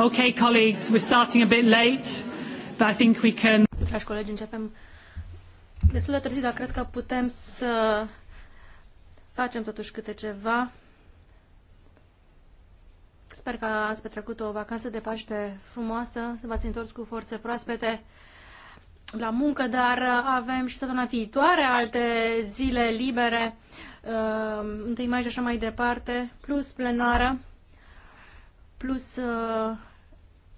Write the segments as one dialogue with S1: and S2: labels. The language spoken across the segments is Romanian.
S1: Okay, colleagues, we're starting a bit late, but I think we can.
S2: Dragi colegi, începem destul de târziu, dar cred că putem să facem totuși câte ceva. Sper că ați petrecut o vacanță de Paște frumoasă, să v-ați întors cu forțe proaspete la muncă, dar uh, avem și săptămâna viitoare alte zile libere, uh, întâi mai și așa mai departe, plus plenară, plus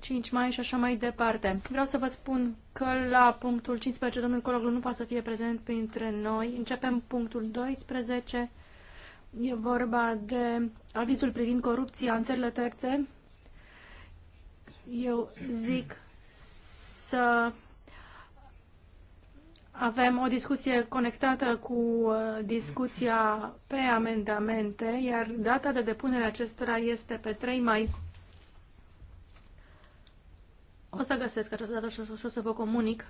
S2: 5 uh, mai și așa mai departe. Vreau să vă spun că la punctul 15 domnul Cologlu nu poate să fie prezent printre noi. Începem punctul 12. E vorba de avizul privind corupția în țările terțe. Eu zic să avem o discuție conectată cu uh, discuția pe amendamente, iar data de depunere acestora este pe 3 mai. O să găsesc această dată și o să vă comunic.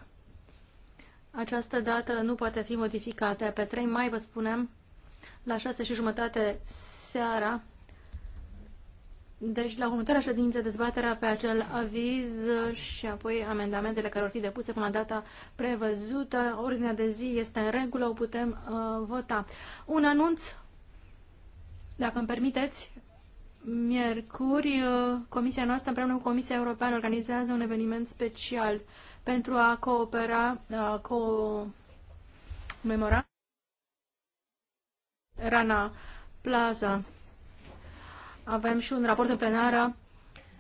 S2: Această dată nu poate fi modificată. Pe 3 mai, vă spunem, la 6 și jumătate seara, deci, la următoarea ședință, dezbaterea pe acel aviz și apoi amendamentele care vor fi depuse până la data prevăzută, ordinea de zi este în regulă, o putem uh, vota. Un anunț, dacă îmi permiteți, miercuri, uh, Comisia noastră împreună cu Comisia Europeană organizează un eveniment special pentru a coopera, uh, co-memora Rana Plaza avem și un raport în plenară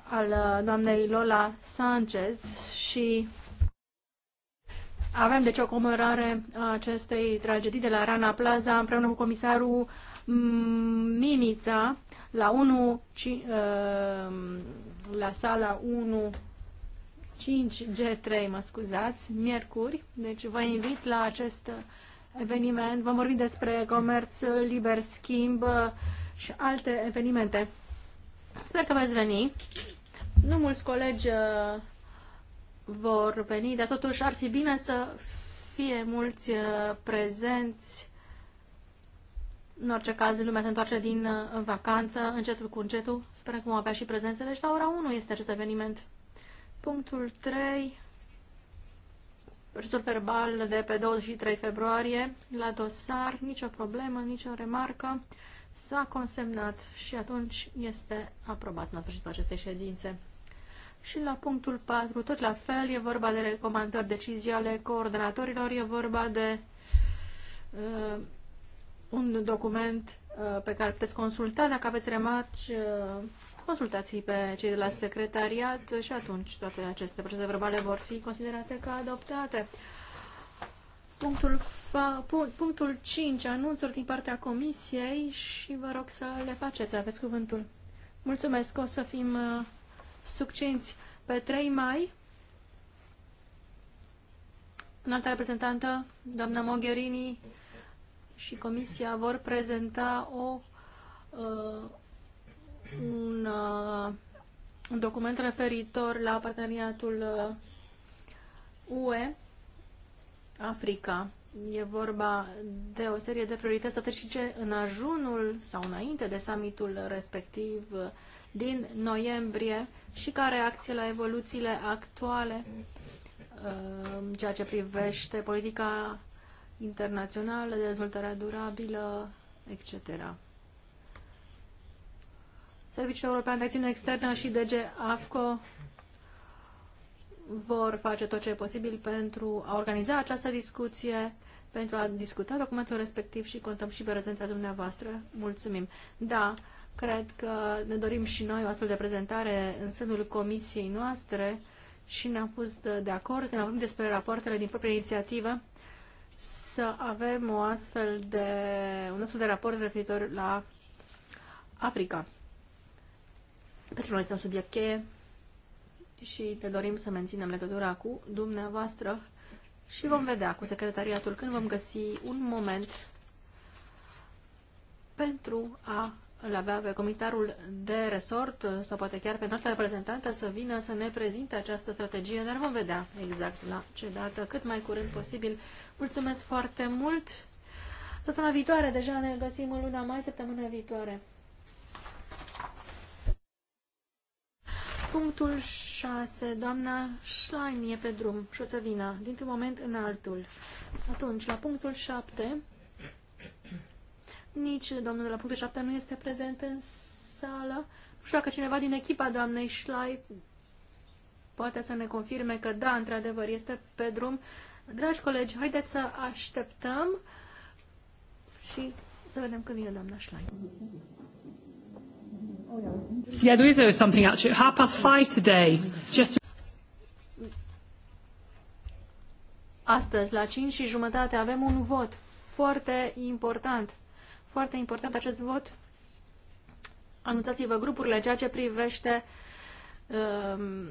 S2: al uh, doamnei Lola Sanchez și avem deci o comărare a acestei tragedii de la Rana Plaza împreună cu comisarul mm, Mimița la 1 ci, uh, la sala 1 5G3, mă scuzați, miercuri. Deci vă invit la acest eveniment. Vom vorbi despre comerț liber schimb, și alte evenimente. Sper că veți veni. Nu mulți colegi uh, vor veni, dar totuși ar fi bine să fie mulți uh, prezenți. În orice caz, lumea se întoarce din uh, vacanță, încetul cu încetul. Sper că vom avea și prezențele și la ora 1 este acest eveniment. Punctul 3, procesul verbal de pe 23 februarie, la dosar, nicio problemă, nicio remarcă s-a consemnat și atunci este aprobat în sfârșitul acestei ședințe. Și la punctul 4, tot la fel, e vorba de recomandări decizii ale coordonatorilor, e vorba de uh, un document uh, pe care puteți consulta. Dacă aveți remarci, uh, consultații pe cei de la secretariat și atunci toate aceste procese verbale vor fi considerate ca adoptate punctul, fa, punctul 5, anunțuri din partea comisiei și vă rog să le faceți, aveți cuvântul. Mulțumesc, o să fim uh, succinți. Pe 3 mai, alta reprezentantă, doamna Mogherini și comisia vor prezenta o, uh, un, uh, un document referitor la parteneriatul UE uh, Africa. E vorba de o serie de priorități strategice în ajunul sau înainte de summitul respectiv din noiembrie și ca reacție la evoluțiile actuale uh, în ceea ce privește politica internațională, dezvoltarea durabilă, etc. Serviciul European de Acțiune Externă și DG AFCO vor face tot ce e posibil pentru a organiza această discuție, pentru a discuta documentul respectiv și contăm și pe prezența dumneavoastră. Mulțumim! Da, cred că ne dorim și noi o astfel de prezentare în sânul comisiei noastre și ne-am pus de, de acord când vorbim despre rapoartele din propria inițiativă să avem o astfel de, un astfel de raport referitor la Africa. Pentru noi este un subiect cheie și te dorim să menținem legătura cu dumneavoastră și vom vedea cu secretariatul când vom găsi un moment pentru a îl avea pe comitarul de resort sau poate chiar pe noastră reprezentantă să vină să ne prezinte această strategie, dar vom vedea exact la ce dată, cât mai curând posibil. Mulțumesc foarte mult! Săptămâna viitoare, deja ne găsim în luna mai, săptămâna viitoare. Punctul 6. Doamna Schlein e pe drum și o să vină dintr-un moment în altul. Atunci, la punctul 7, nici domnul de la punctul 7 nu este prezent în sală. Nu știu dacă cineva din echipa doamnei Schlein poate să ne confirme că da, într-adevăr, este pe drum. Dragi colegi, haideți să așteptăm și să vedem când vine doamna Schlein.
S3: Yeah,
S1: there is something actually. Half past five today. Just
S2: Astăzi, la 5 și jumătate, avem un vot foarte important. Foarte important acest vot. Anunțați-vă grupurile, ceea ce privește um,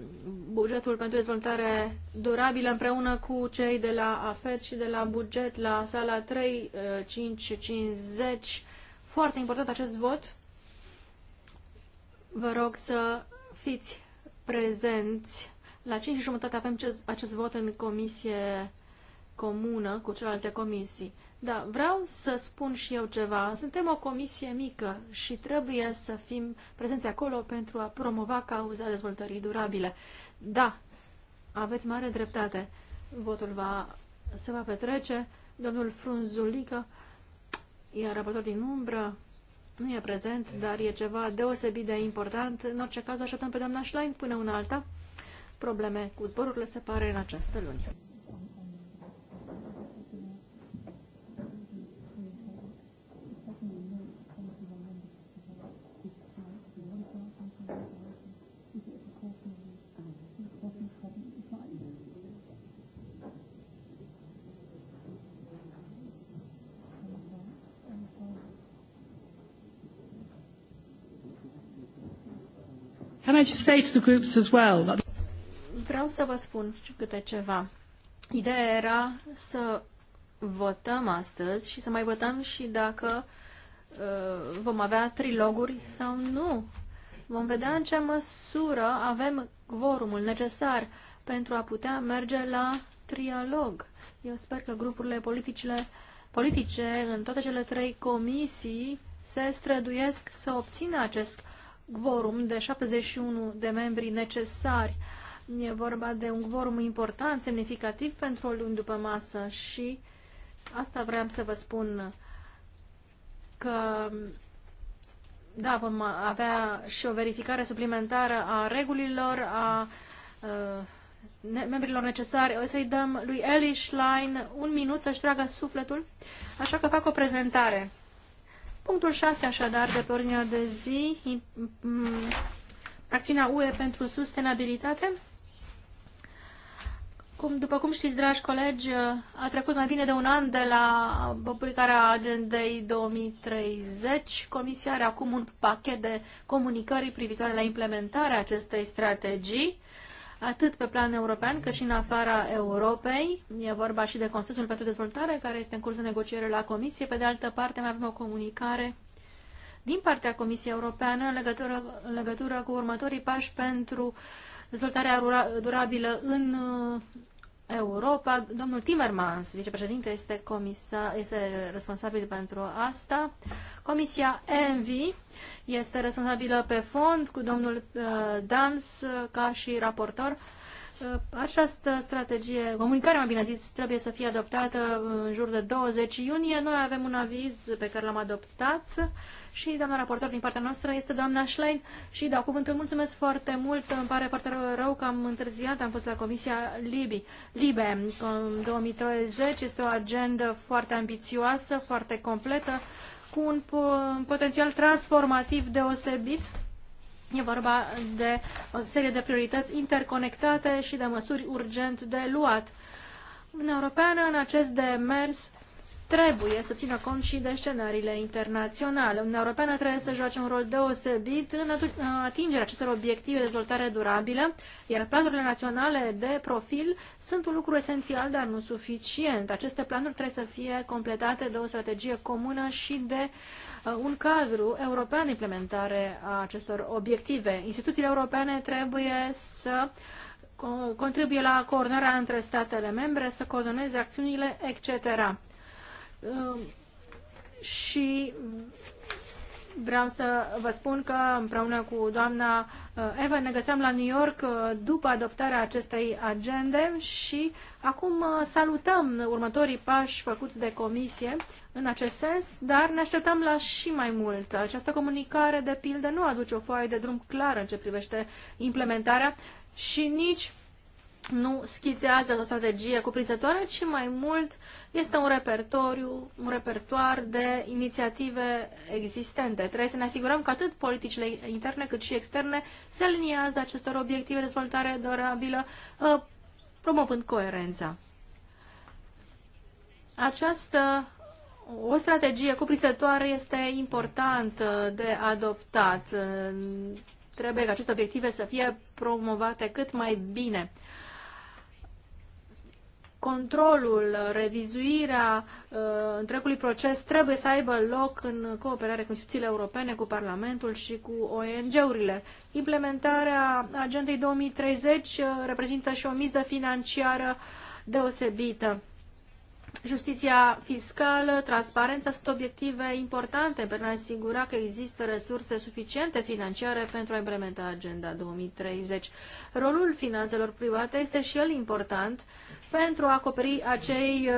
S2: bugetul pentru dezvoltare durabilă împreună cu cei de la AFET și de la buget la sala 3550. Uh, foarte important acest vot Vă rog să fiți prezenți. La 5 jumătate avem acest vot în comisie comună cu celelalte comisii. Da, vreau să spun și eu ceva. Suntem o comisie mică și trebuie să fim prezenți acolo pentru a promova cauza dezvoltării durabile. Da, aveți mare dreptate. Votul va, se va petrece. Domnul Frunzulică e raportor din umbră nu e prezent, dar e ceva deosebit de important. În orice caz, așteptăm pe doamna Schlein până una alta. Probleme cu zborurile se pare în această luni.
S1: I say to the groups as well that...
S2: Vreau să vă spun câte ceva. Ideea era să votăm astăzi și să mai votăm și dacă uh, vom avea triloguri sau nu. Vom vedea în ce măsură avem vorumul necesar pentru a putea merge la trialog. Eu sper că grupurile politice, politice în toate cele trei comisii se străduiesc să obțină acest quorum de 71 de membri necesari. E vorba de un quorum important, semnificativ pentru o luni după masă și asta vreau să vă spun că da, vom avea și o verificare suplimentară a regulilor, a uh, membrilor necesari. O să-i dăm lui Eli Schlein un minut să-și tragă sufletul, așa că fac o prezentare. Punctul 6, așadar, de pe ordinea de zi, acțiunea UE pentru sustenabilitate. Cum, după cum știți, dragi colegi, a trecut mai bine de un an de la publicarea agendei 2030. Comisia are acum un pachet de comunicări privitoare la implementarea acestei strategii atât pe plan european cât și în afara Europei. E vorba și de Consensul pentru Dezvoltare, care este în curs de negociere la Comisie. Pe de altă parte, mai avem o comunicare din partea Comisiei Europeană în legătură, în legătură cu următorii pași pentru dezvoltarea durabilă în Europa. Domnul Timmermans, vicepreședinte, este, comisar, este responsabil pentru asta. Comisia ENVI este responsabilă pe fond cu domnul uh, Dans ca și raportor. Uh, această strategie, comunicarea mai bine zis, trebuie să fie adoptată în jur de 20 iunie. Noi avem un aviz pe care l-am adoptat și doamna raportor din partea noastră este doamna Schlein și dau cuvântul. Mulțumesc foarte mult, îmi pare foarte rău că am întârziat, am fost la Comisia Libi. Libe. 2030 este o agendă foarte ambițioasă, foarte completă, cu un potențial transformativ deosebit E vorba de o serie de priorități interconectate și de măsuri urgent de luat. Uniunea Europeană în acest demers trebuie să țină cont și de scenariile internaționale. Uniunea Europeană trebuie să joace un rol deosebit în atingerea acestor obiective de dezvoltare durabilă, iar planurile naționale de profil sunt un lucru esențial, dar nu suficient. Aceste planuri trebuie să fie completate de o strategie comună și de uh, un cadru european de implementare a acestor obiective. Instituțiile europene trebuie să contribuie la coordonarea între statele membre, să coordoneze acțiunile, etc. Um, și vreau să vă spun că împreună cu doamna uh, Eva ne găseam la New York uh, după adoptarea acestei agende și acum uh, salutăm următorii pași făcuți de comisie în acest sens, dar ne așteptăm la și mai mult. Această comunicare, de pildă, nu aduce o foaie de drum clară în ce privește implementarea și nici nu schițează o strategie cuprinzătoare, ci mai mult este un repertoriu, un repertoar de inițiative existente. Trebuie să ne asigurăm că atât politicile interne cât și externe se aliniază acestor obiective de dezvoltare durabilă, ă, promovând coerența. Această o strategie cuprinzătoare este important ă, de adoptat. Ă, trebuie ca aceste obiective să fie promovate cât mai bine controlul, revizuirea uh, întregului proces trebuie să aibă loc în cooperare cu instituțiile europene, cu Parlamentul și cu ONG-urile. Implementarea agendei 2030 uh, reprezintă și o miză financiară deosebită. Justiția fiscală, transparența sunt obiective importante pentru a asigura că există resurse suficiente financiare pentru a implementa Agenda 2030. Rolul finanțelor private este și el important pentru a acoperi acei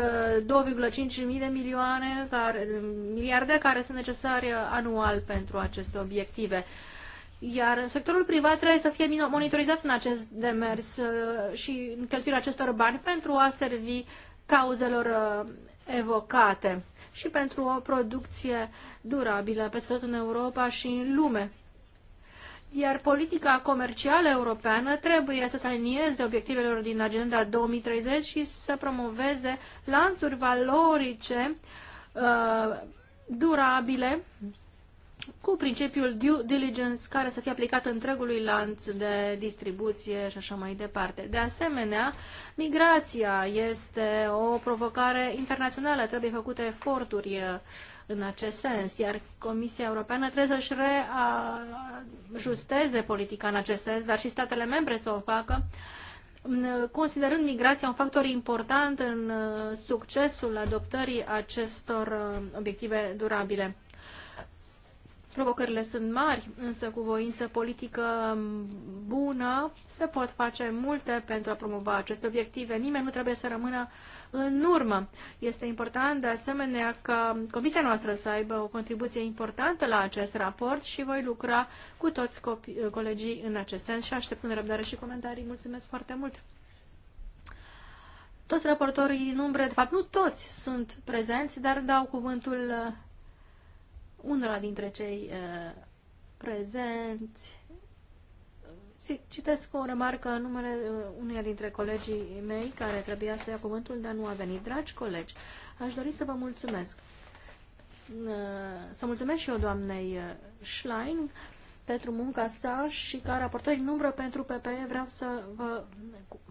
S2: 2,5 uh, de milioane care, miliarde care sunt necesare anual pentru aceste obiective. Iar sectorul privat trebuie să fie monitorizat în acest demers uh, și în cheltuirea acestor bani pentru a servi cauzelor uh, evocate și pentru o producție durabilă peste tot în Europa și în lume. Iar politica comercială europeană trebuie să se alinieze obiectivelor din Agenda 2030 și să promoveze lanțuri valorice uh, durabile cu principiul due diligence care să fie aplicat întregului lanț de distribuție și așa mai departe. De asemenea, migrația este o provocare internațională, trebuie făcute eforturi uh, în acest sens, iar Comisia Europeană trebuie să-și reajusteze politica în acest sens, dar și statele membre să o facă, mm, considerând migrația un factor important în uh, succesul adoptării acestor uh, obiective durabile. Provocările sunt mari, însă cu voință politică bună se pot face multe pentru a promova aceste obiective. Nimeni nu trebuie să rămână în urmă. Este important, de asemenea, ca comisia noastră să aibă o contribuție importantă la acest raport și voi lucra cu toți colegii în acest sens și aștept în răbdare și comentarii. Mulțumesc foarte mult! Toți raportorii în umbre, de fapt nu toți sunt prezenți, dar dau cuvântul unora dintre cei uh, prezenți. Citesc o remarcă în numele uh, uneia dintre colegii mei care trebuia să ia cuvântul, dar nu a venit. Dragi colegi, aș dori să vă mulțumesc. Uh, să mulțumesc și eu doamnei Schlein pentru munca sa și ca raportor în umbră pentru PPE vreau să vă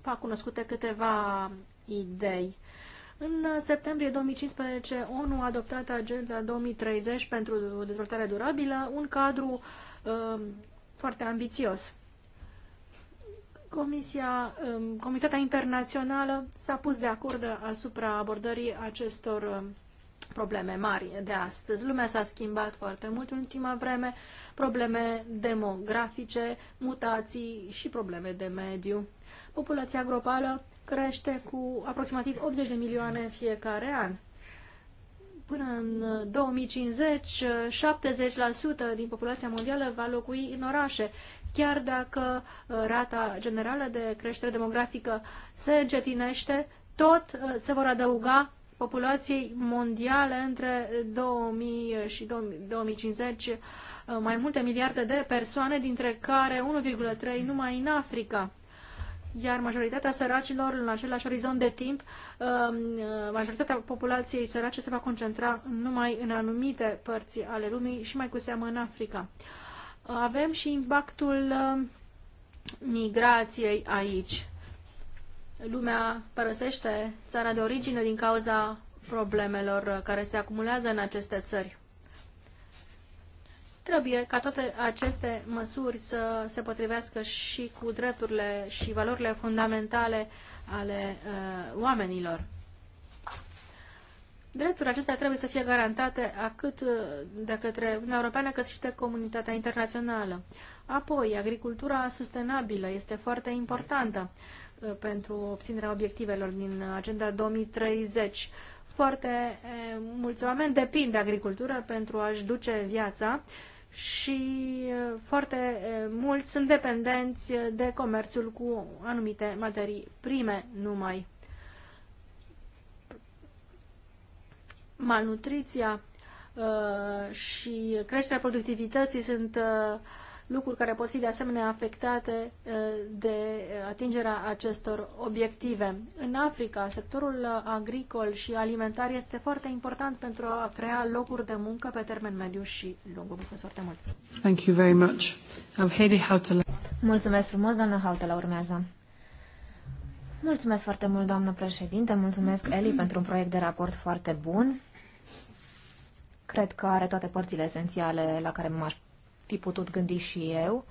S2: fac cunoscute câteva idei. În septembrie 2015, ONU a adoptat Agenda 2030 pentru dezvoltare durabilă, un cadru uh, foarte ambițios. Comisia, um, Comitatea Internațională s-a pus de acord asupra abordării acestor uh, probleme mari de astăzi. Lumea s-a schimbat foarte mult în ultima vreme, probleme demografice, mutații și probleme de mediu. Populația globală crește cu aproximativ 80 de milioane fiecare an. Până în 2050, 70% din populația mondială va locui în orașe, chiar dacă uh, rata generală de creștere demografică se încetinește, tot uh, se vor adăuga populației mondiale între 2000 și 2050 uh, mai multe miliarde de persoane, dintre care 1,3 numai în Africa iar majoritatea săracilor în același orizont de timp, um, majoritatea populației sărace se va concentra numai în anumite părți ale lumii și mai cu seamă în Africa. Avem și impactul um, migrației aici. Lumea părăsește țara de origine din cauza problemelor care se acumulează în aceste țări. Trebuie ca toate aceste măsuri să se potrivească și cu drepturile și valorile fundamentale ale uh, oamenilor. Drepturile acestea trebuie să fie garantate atât uh, de către Uniunea Europeană cât și de comunitatea internațională. Apoi, agricultura sustenabilă este foarte importantă uh, pentru obținerea obiectivelor din Agenda 2030. Foarte uh, mulți oameni depind de agricultură pentru a-și duce viața și foarte mulți sunt dependenți de comerțul cu anumite materii prime numai. Malnutriția și creșterea productivității sunt uh, lucruri care pot fi de asemenea afectate uh, de uh, atingerea acestor obiective. În Africa, sectorul uh, agricol și alimentar este foarte important pentru a crea locuri de muncă pe termen mediu și lung. Mulțumesc foarte mult!
S1: Thank you very much.
S3: Mulțumesc frumos, doamna Hautala, urmează. Mulțumesc foarte mult, doamnă președinte, mulțumesc Eli pentru un proiect de raport foarte bun. Cred că are toate părțile esențiale la care m-aș fi putut gândi și eu.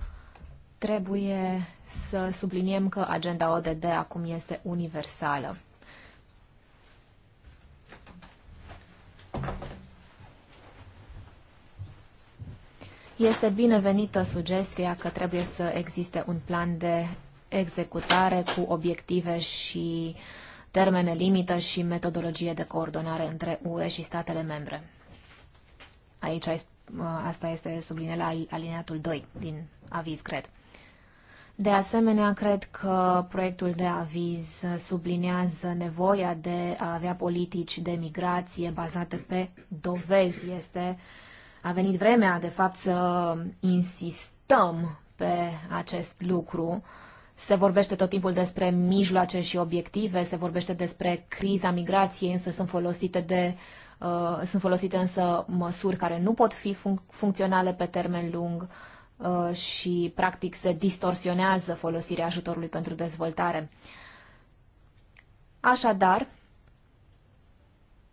S3: Trebuie să subliniem că agenda ODD acum este universală. Este binevenită sugestia că trebuie să existe un plan de executare cu obiective și termene limită și metodologie de coordonare între UE și statele membre. Aici ai Uh, asta este sublinie la alineatul 2 din aviz, cred. De asemenea, cred că proiectul de aviz subliniază nevoia de a avea politici de migrație bazate pe dovezi. Este, a venit vremea, de fapt, să insistăm pe acest lucru. Se vorbește tot timpul despre mijloace și obiective, se vorbește despre criza migrației, însă sunt folosite de uh, Uh, sunt folosite însă măsuri care nu pot fi func- funcționale pe termen lung uh, și practic se distorsionează folosirea ajutorului pentru dezvoltare. Așadar,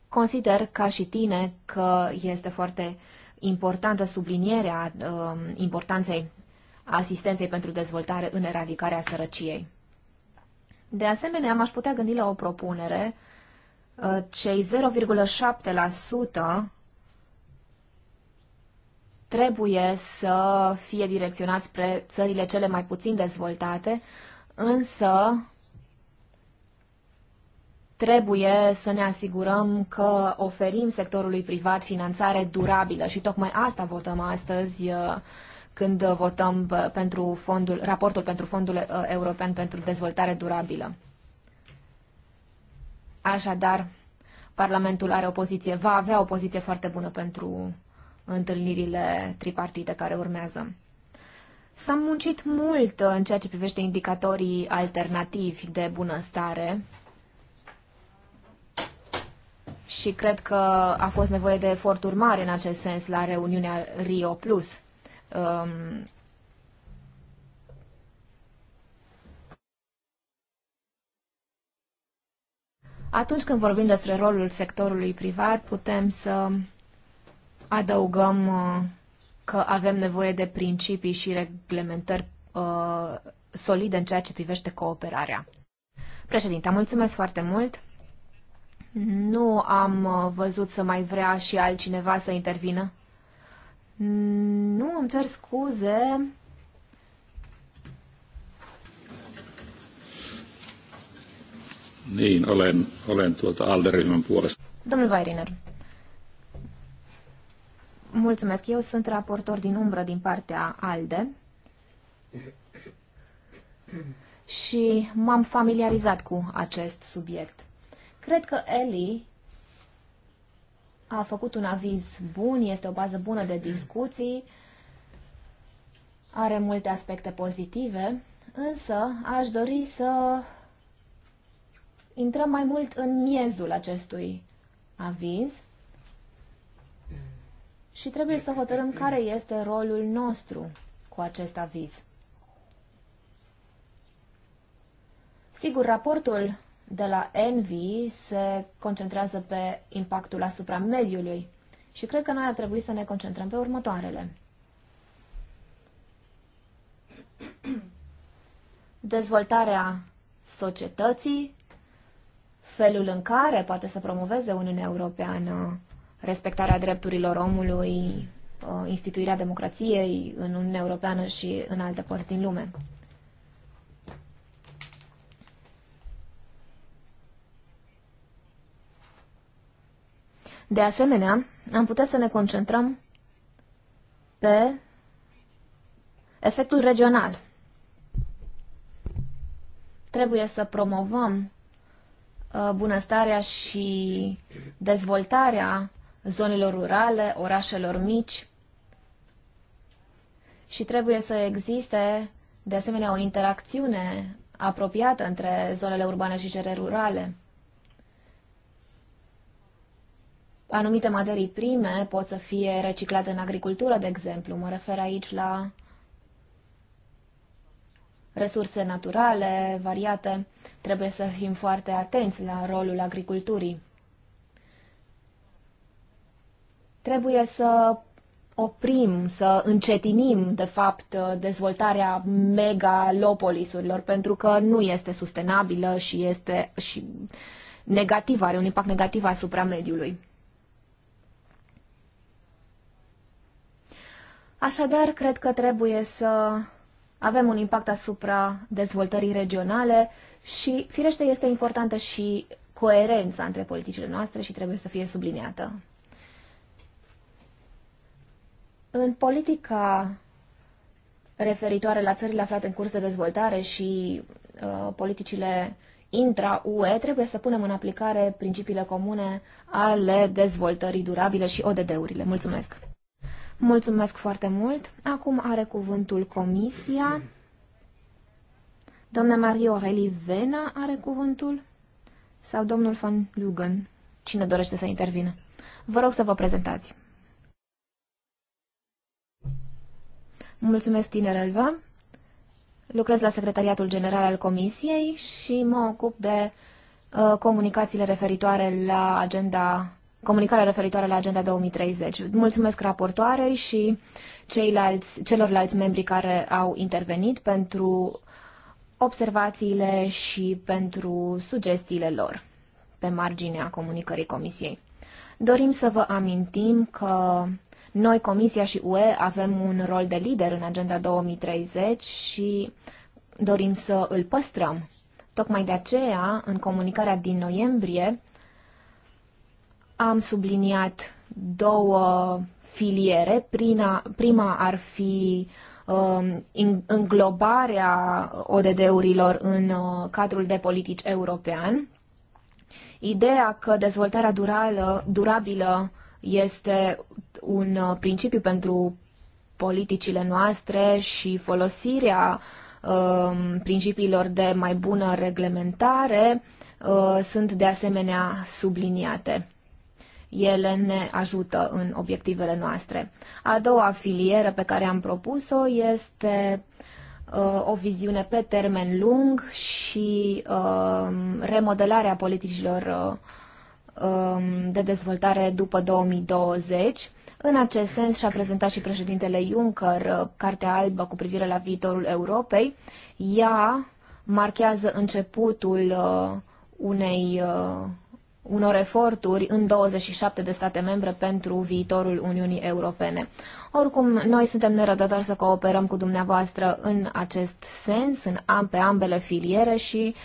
S3: consider ca și tine că este foarte importantă sublinierea uh, importanței asistenței pentru dezvoltare în eradicarea sărăciei. De asemenea, m-aș putea gândi la o propunere uh, cei 0,7% trebuie să fie direcționați spre țările cele mai puțin dezvoltate, însă trebuie să ne asigurăm că oferim sectorului privat finanțare durabilă și tocmai asta votăm astăzi uh, când votăm pentru fondul, raportul pentru Fondul uh, European pentru Dezvoltare Durabilă. Așadar, Parlamentul are o poziție, va avea o poziție foarte bună pentru întâlnirile tripartite care urmează. S-a muncit mult în ceea ce privește indicatorii alternativi de bunăstare și cred că a fost nevoie de eforturi mari în acest sens la reuniunea Rio Plus. Um, Atunci când vorbim despre rolul sectorului privat, putem să adăugăm uh, că avem nevoie de principii și reglementări uh, solide în ceea ce privește cooperarea. Președinte, mulțumesc foarte mult. Nu am uh, văzut să mai vrea și altcineva să intervină. Nu, îmi cer scuze.
S2: Niin, olen, olen tuolta Alderyhmän puolesta.
S3: Domnul Vairiner. Mulțumesc. Eu sunt raportor din umbră din partea ALDE și m-am familiarizat cu acest subiect. Cred că Eli a făcut un aviz bun, este o bază bună de discuții, are multe aspecte pozitive, însă aș dori să intrăm mai mult în miezul acestui aviz și trebuie să hotărâm care este rolul nostru cu acest aviz. Sigur, raportul de la Envy se concentrează pe impactul asupra mediului și cred că noi ar trebui să ne concentrăm pe următoarele. Dezvoltarea societății felul în care poate să promoveze Uniunea Europeană respectarea drepturilor omului, uh, instituirea democrației în Uniunea Europeană și în alte părți din lume. De asemenea, am putea să ne concentrăm pe efectul regional. Trebuie să promovăm Uh, bunăstarea și dezvoltarea zonelor rurale, orașelor mici și trebuie să existe de asemenea o interacțiune apropiată între zonele urbane și cele rurale. Anumite materii prime pot să fie reciclate în agricultură, de exemplu. Mă refer aici la resurse naturale variate, trebuie să fim foarte atenți la rolul agriculturii. Trebuie să oprim, să încetinim, de fapt, dezvoltarea megalopolisurilor, pentru că nu este sustenabilă și este și negativă, are un impact negativ asupra mediului. Așadar, cred că trebuie să avem un impact asupra dezvoltării regionale și, firește, este importantă și coerența între politicile noastre și trebuie să fie subliniată. În politica referitoare la țările aflate în curs de dezvoltare și uh, politicile intra-UE, trebuie să punem în aplicare principiile comune ale dezvoltării durabile și ODD-urile. Mulțumesc! Mulțumesc foarte mult. Acum are cuvântul Comisia. Doamna Maria Aureli Vena are cuvântul sau domnul Van Lugan, cine dorește să intervină. Vă rog să vă prezentați. Mulțumesc, tinerelva. Lucrez la Secretariatul General al Comisiei și mă ocup de uh, comunicațiile referitoare la agenda comunicarea referitoare la Agenda 2030. Mulțumesc raportoarei și ceilalți, celorlalți membri care au intervenit pentru observațiile și pentru sugestiile lor pe marginea comunicării Comisiei. Dorim să vă amintim că noi, Comisia și UE, avem un rol de lider în Agenda 2030 și dorim să îl păstrăm. Tocmai de aceea, în comunicarea din noiembrie, am subliniat două filiere. Prima, prima ar fi um, înglobarea ODD-urilor în uh, cadrul de politici european. Ideea că dezvoltarea durală, durabilă este un uh, principiu pentru politicile noastre și folosirea um, principiilor de mai bună reglementare uh, sunt de asemenea subliniate ele ne ajută în obiectivele noastre. A doua filieră pe care am propus-o este uh, o viziune pe termen lung și uh, remodelarea politicilor uh, um, de dezvoltare după 2020. În acest sens și-a prezentat și președintele Juncker Cartea Albă cu privire la viitorul Europei. Ea marchează începutul unei unor eforturi în 27 de state membre pentru viitorul Uniunii Europene. Oricum, noi suntem nerădători să cooperăm cu dumneavoastră în acest sens, în am, pe ambele filiere și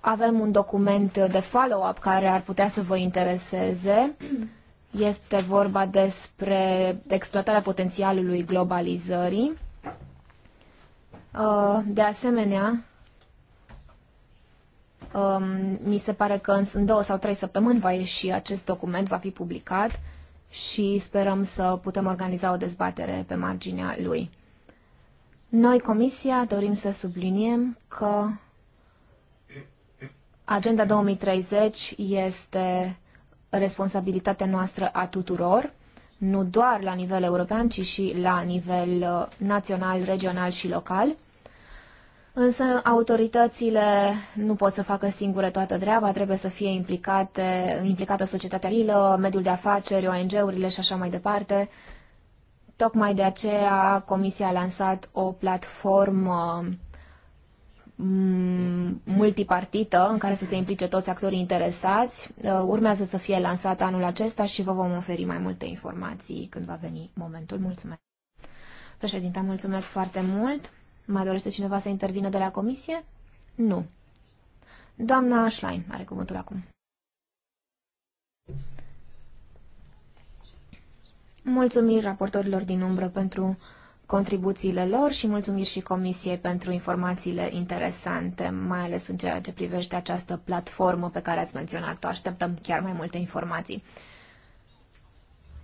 S3: avem un document de follow-up care ar putea să vă intereseze. Este vorba despre exploatarea potențialului globalizării. Uh, de asemenea, Um, mi se pare că în două sau trei săptămâni va ieși acest document, va fi publicat și sperăm să putem organiza o dezbatere pe marginea lui. Noi, Comisia, dorim să subliniem că Agenda 2030 este responsabilitatea noastră a tuturor, nu doar la nivel european, ci și la nivel uh, național, regional și local. Însă autoritățile nu pot să facă singure toată treaba, trebuie să fie implicate, implicată societatea civilă, mediul de afaceri, ONG-urile și așa mai departe. Tocmai de aceea Comisia a lansat o platformă mm, multipartită în care să se implice toți actorii interesați. Uh, urmează să fie lansat anul acesta și vă vom oferi mai multe informații când va veni momentul. Mulțumesc! Președinte, mulțumesc foarte mult! Mai dorește cineva să intervină de la comisie? Nu. Doamna Schlein are cuvântul acum. Mulțumiri raportorilor din umbră pentru contribuțiile lor și mulțumiri și Comisiei pentru informațiile interesante, mai ales în ceea ce privește această platformă pe care ați menționat-o. Așteptăm chiar mai multe informații.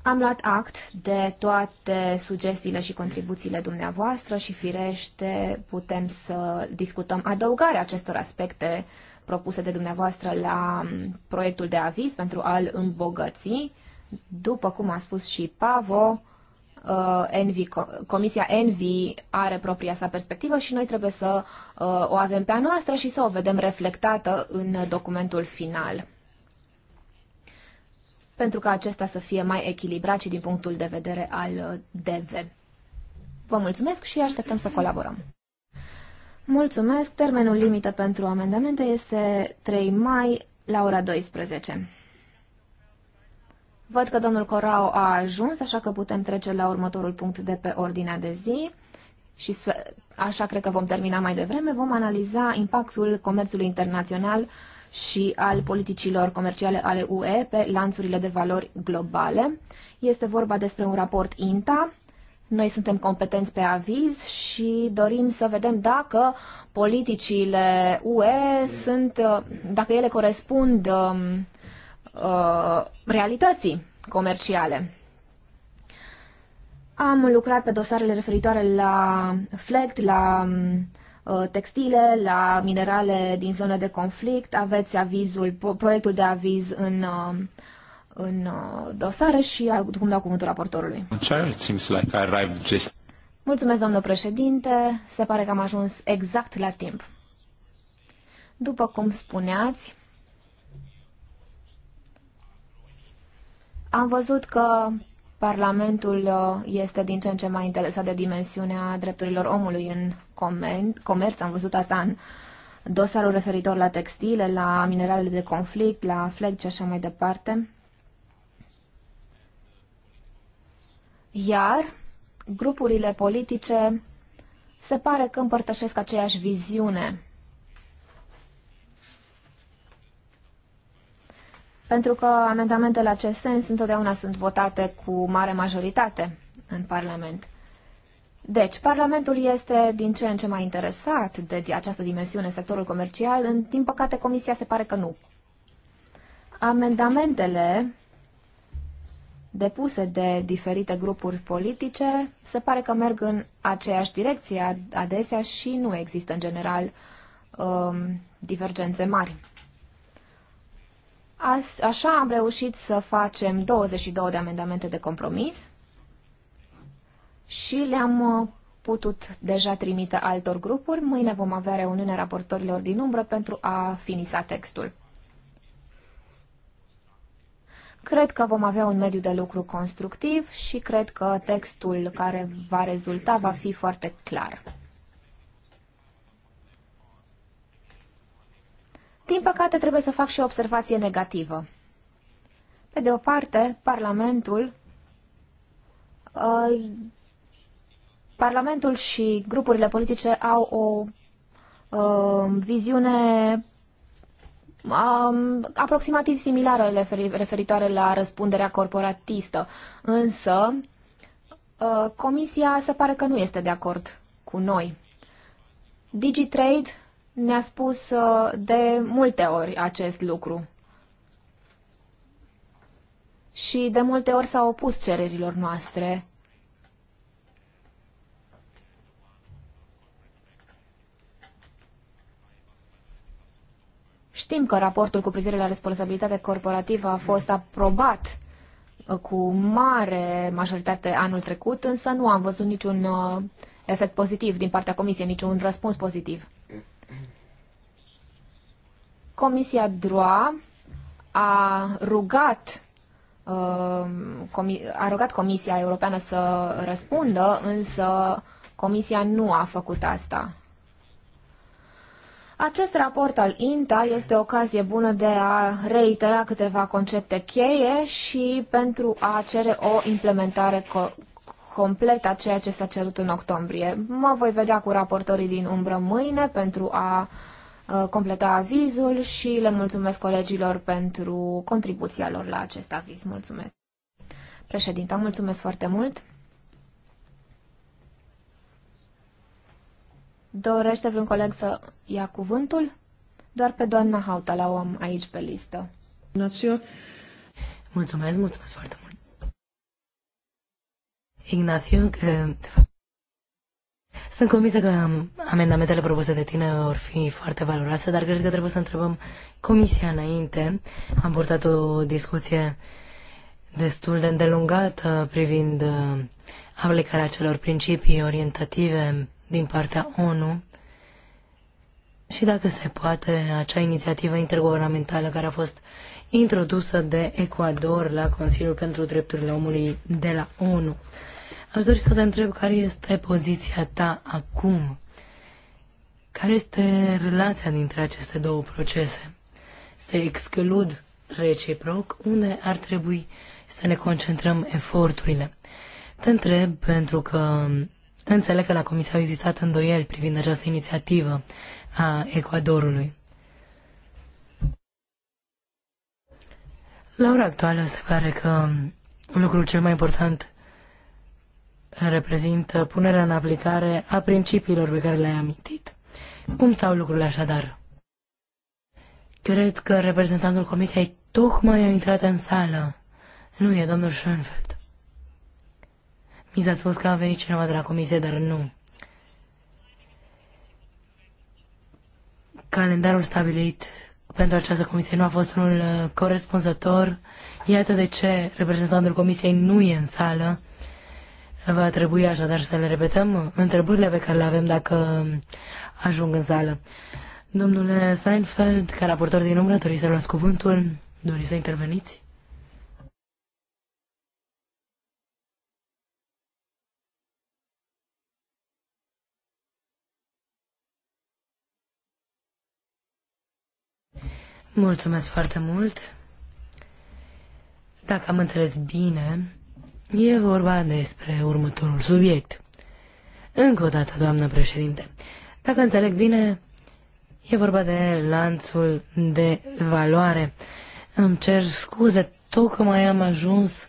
S3: Am luat act de toate sugestiile și contribuțiile dumneavoastră și firește putem să discutăm adăugarea acestor aspecte propuse de dumneavoastră la proiectul de aviz pentru a-l îmbogăți. După cum a spus și Pavo, uh, Envy, Comisia Envi are propria sa perspectivă și noi trebuie să uh, o avem pe a noastră și să o vedem reflectată în documentul final pentru ca acesta să fie mai echilibrat și din punctul de vedere al uh, DV. Vă mulțumesc și așteptăm să colaborăm. Mulțumesc. Termenul limită pentru amendamente este 3 mai la ora 12. Văd că domnul Corao a ajuns, așa că putem trece la următorul punct de pe ordinea de zi și așa cred că vom termina mai devreme, vom analiza impactul comerțului internațional și al politicilor comerciale ale UE pe lanțurile de valori globale. Este vorba despre un raport INTA. Noi suntem competenți pe aviz și dorim să vedem dacă politicile UE sunt, dacă ele corespund um, uh, realității comerciale. Am lucrat pe dosarele referitoare la FLECT, la uh, textile, la minerale din zone de conflict. Aveți avizul, proiectul de aviz în, uh, în uh, dosare și acum dau cuvântul raportorului. Mulțumesc, domnul președinte. Se pare că am ajuns exact la timp. După cum spuneați, am văzut că Parlamentul uh, este din ce în ce mai interesat de dimensiunea drepturilor omului în comerț. Am văzut asta în dosarul referitor la textile, la mineralele de conflict, la FLEG și așa mai departe. Iar grupurile politice se pare că împărtășesc aceeași viziune pentru că amendamentele acest sens întotdeauna sunt votate cu mare majoritate în Parlament. Deci, Parlamentul este din ce în ce mai interesat de această dimensiune în sectorul comercial, în, din păcate Comisia se pare că nu. Amendamentele depuse de diferite grupuri politice se pare că merg în aceeași direcție adesea și nu există în general um, divergențe mari. Așa am reușit să facem 22 de amendamente de compromis și le-am uh, putut deja trimite altor grupuri. Mâine vom avea reuniunea raportorilor din umbră pentru a finisa textul. Cred că vom avea un mediu de lucru constructiv și cred că textul care va rezulta va fi foarte clar. Din păcate, trebuie să fac și o observație negativă. Pe de o parte, Parlamentul uh, Parlamentul și grupurile politice au o uh, viziune um, aproximativ similară referitoare la răspunderea corporatistă, însă uh, Comisia se pare că nu este de acord cu noi. DigiTrade ne-a spus uh, de multe ori acest lucru. Și de multe ori s-a opus cererilor noastre. Știm că raportul cu privire la responsabilitate corporativă a fost aprobat uh, cu mare majoritate anul trecut, însă nu am văzut niciun uh, efect pozitiv din partea Comisiei, niciun răspuns pozitiv. Comisia DROA a rugat uh, a rugat Comisia Europeană să răspundă, însă Comisia nu a făcut asta. Acest raport al INTA este o ocazie bună de a reitera câteva concepte cheie și pentru a cere o implementare co- completă a ceea ce s-a cerut în octombrie. Mă voi vedea cu raportorii din umbră mâine pentru a uh, Uh, completa avizul și le mulțumesc colegilor pentru contribuția lor la acest aviz. Mulțumesc. Președinta, mulțumesc foarte mult. Dorește vreun coleg să ia cuvântul? Doar pe doamna Hautala o am aici pe listă.
S1: Mulțumesc, mulțumesc foarte mult. Ignacio, că sunt convinsă că amendamentele propuse de tine vor fi foarte valoroase, dar cred că trebuie să întrebăm comisia înainte. Am purtat o discuție destul de îndelungată privind uh, aplicarea celor principii orientative din partea ONU și dacă se poate acea inițiativă interguvernamentală care a fost introdusă de Ecuador la Consiliul pentru Drepturile Omului de la ONU. Aș dori să te întreb care este poziția ta acum. Care este relația dintre aceste două procese? Se exclud reciproc unde ar trebui să ne concentrăm eforturile. Te întreb pentru că înțeleg că la comisia au existat îndoieli privind această inițiativă a Ecuadorului. La ora actuală se pare că lucrul cel mai important reprezintă punerea în aplicare a principiilor pe care le-ai amintit. Cum stau lucrurile așadar? Cred că reprezentantul comisiei tocmai a intrat în sală. Nu e domnul Schoenfeld. Mi s-a spus că a venit cineva de la comisie, dar nu. Calendarul stabilit pentru această comisie nu a fost unul uh, corespunzător. Iată de ce reprezentantul comisiei nu e în sală Va trebui așadar să le repetăm întrebările pe care le avem dacă ajung în sală. Domnule Seinfeld, ca raportor din umbră, doriți să luați cuvântul? Doriți să interveniți? Mulțumesc foarte mult. Dacă am înțeles bine, E vorba despre următorul subiect. Încă o dată, doamnă președinte, dacă înțeleg bine, e vorba de lanțul de valoare. Îmi cer scuze, tocmai am ajuns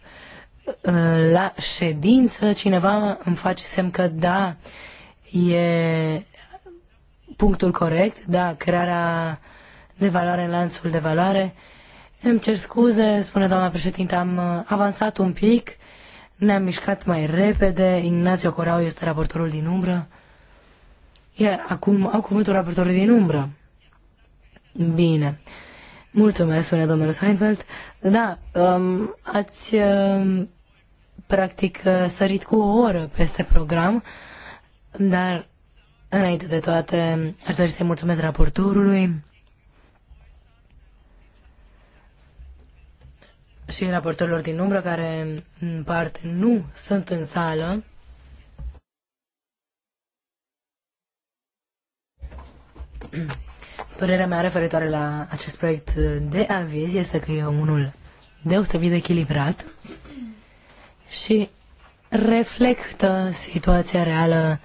S1: uh, la ședință, cineva îmi face semn că da, e punctul corect, da, crearea de valoare în lanțul de valoare. Îmi cer scuze, spune doamna președinte, am uh, avansat un pic ne-am mișcat mai repede, Ignacio Corau este raportorul din umbră, iar acum au cuvântul raportorul din umbră. Bine. Mulțumesc, spune domnul Seinfeld. Da, um, ați um, practic uh, sărit cu o oră peste program, dar înainte de toate aș dori să-i mulțumesc raportorului și raportorilor din umbră, care în parte nu sunt în sală. Părerea mea referitoare la acest proiect de aviz este că e unul deosebit de echilibrat și reflectă situația reală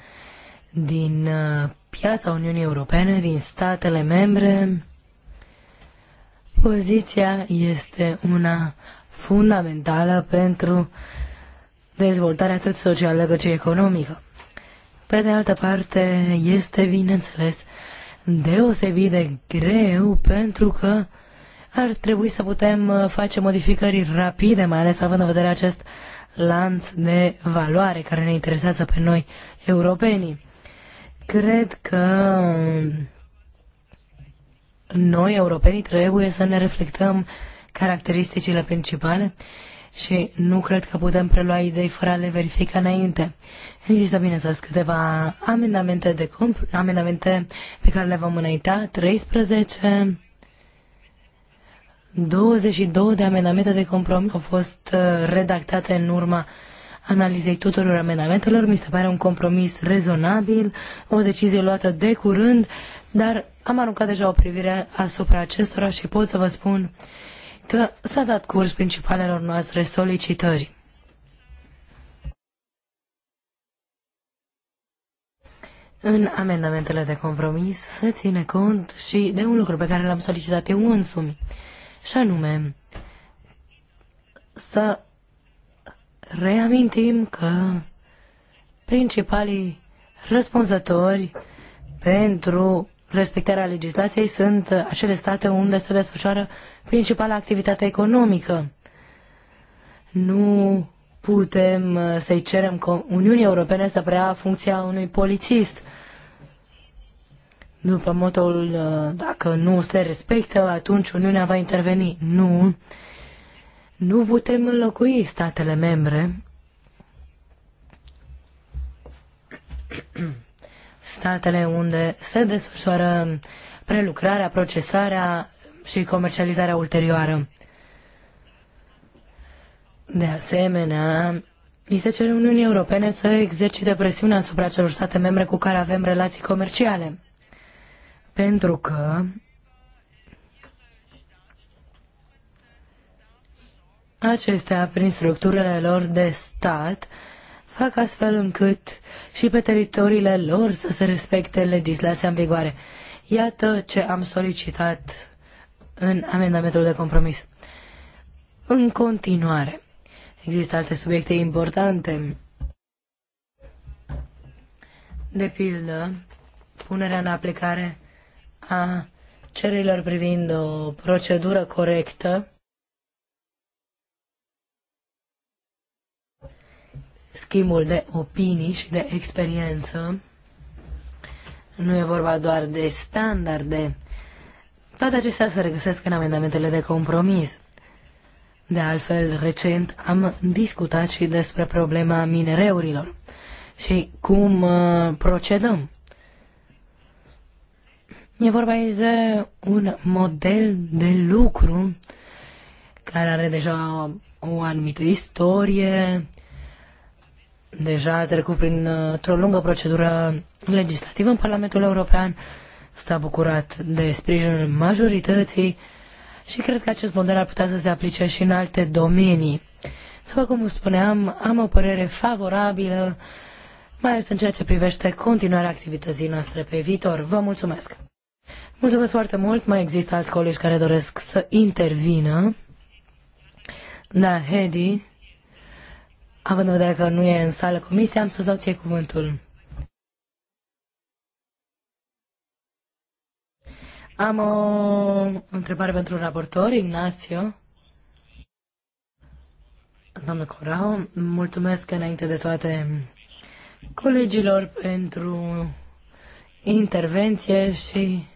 S1: din uh, piața Uniunii Europene, din statele membre, Poziția este una fundamentală pentru dezvoltarea atât socială cât și economică. Pe de altă parte, este, bineînțeles, deosebit de greu pentru că ar trebui să putem uh, face modificări rapide, mai ales având în vedere acest lanț de valoare care ne interesează pe noi, europenii. Cred că um, noi, europenii, trebuie să ne reflectăm caracteristicile principale și nu cred că putem prelua idei fără a le verifica înainte. Există, bineînțeles, câteva amendamente de comp, amendamente pe care le vom înainta, 13, 22 de amendamente de compromis au fost uh, redactate în urma analizei tuturor amendamentelor. Mi se pare un compromis rezonabil, o decizie luată de curând dar am aruncat deja o privire asupra acestora și pot să vă spun că s-a dat curs principalelor noastre solicitări. În amendamentele de compromis se ține cont și de un lucru pe care l-am solicitat eu însumi, și anume să reamintim că principalii răspunzători pentru respectarea legislației sunt acele state unde se desfășoară principala activitate economică. Nu putem uh, să-i cerem Uniunii Europene să preia funcția unui polițist. După motul, uh, dacă nu se respectă, atunci Uniunea va interveni. Nu. Nu putem înlocui statele membre statele unde se desfășoară prelucrarea, procesarea și comercializarea ulterioară. De asemenea, îi se cere Uniunii Europene să exercite presiunea asupra celor state membre cu care avem relații comerciale. Pentru că acestea, prin structurile lor de stat, fac astfel încât și pe teritoriile lor să se respecte legislația în vigoare. Iată ce am solicitat în amendamentul de compromis. În continuare, există alte subiecte importante. De pildă, punerea în aplicare a cererilor privind o procedură corectă schimbul de opinii și de experiență. Nu e vorba doar de standarde. Toate acestea se regăsesc în amendamentele de compromis. De altfel, recent am discutat și despre problema minereurilor și cum uh, procedăm. E vorba aici de un model de lucru care are deja o anumită istorie, deja a trecut printr-o lungă procedură legislativă în Parlamentul European, s-a bucurat de sprijinul majorității și cred că acest model ar putea să se aplice și în alte domenii. După cum spuneam, am o părere favorabilă, mai ales în ceea ce privește continuarea activității noastre pe viitor. Vă mulțumesc! Mulțumesc foarte mult, mai există alți colegi care doresc să intervină. Da, Hedy. Având în vedere că nu e în sală comisia, am să dau ție cuvântul. Am o întrebare pentru raportor, Ignacio. Doamnă Corau, mulțumesc înainte de toate colegilor pentru intervenție și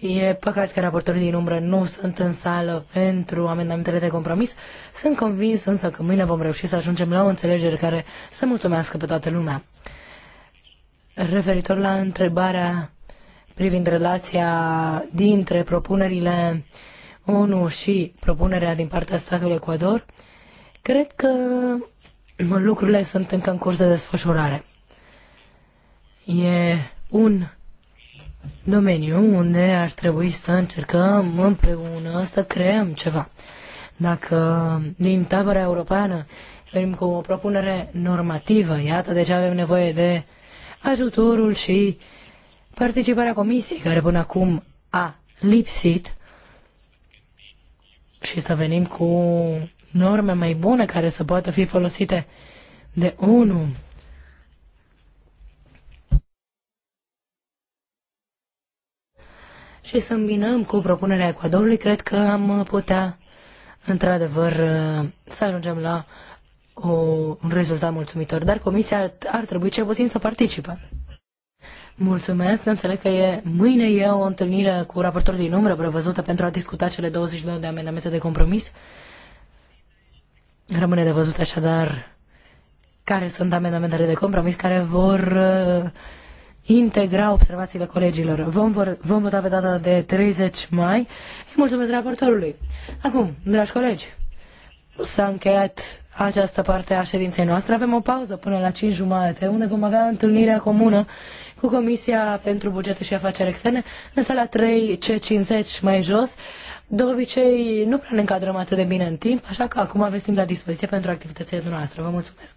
S1: E păcat că raportorii din umbră nu sunt în sală pentru amendamentele de compromis. Sunt convins însă că mâine vom reuși să ajungem la o înțelegere care să mulțumească pe toată lumea. Referitor la întrebarea privind relația dintre propunerile 1 și propunerea din partea statului Ecuador, cred că lucrurile sunt încă în curs de desfășurare. E un domeniu unde ar trebui să încercăm împreună să creăm ceva. Dacă din tabăra europeană venim cu o propunere normativă, iată de ce avem nevoie de ajutorul și participarea comisiei care până acum a lipsit și să venim cu norme mai bune care să poată fi folosite de ONU și să îmbinăm cu propunerea Ecuadorului, cred că am putea, într-adevăr, să ajungem la o, un rezultat mulțumitor, dar comisia ar, ar trebui cel puțin să participe. Mulțumesc, înțeleg că e, mâine e o întâlnire cu raportor din umbră prevăzută pentru a discuta cele 29 de amendamente de compromis. Rămâne de văzut așadar care sunt amendamentele de compromis care vor integra observațiile colegilor. Vom, vor, vom vota pe data de 30 mai. Îi mulțumesc raportorului. Acum, dragi colegi, s-a încheiat această parte a ședinței noastre. Avem o pauză până la 5 jumate, unde vom avea întâlnirea comună cu Comisia pentru Bugete și Afaceri Externe în sala 3C50 mai jos. De obicei, nu prea ne încadrăm atât de bine în timp, așa că acum aveți timp la dispoziție pentru activitățile noastre. Vă mulțumesc!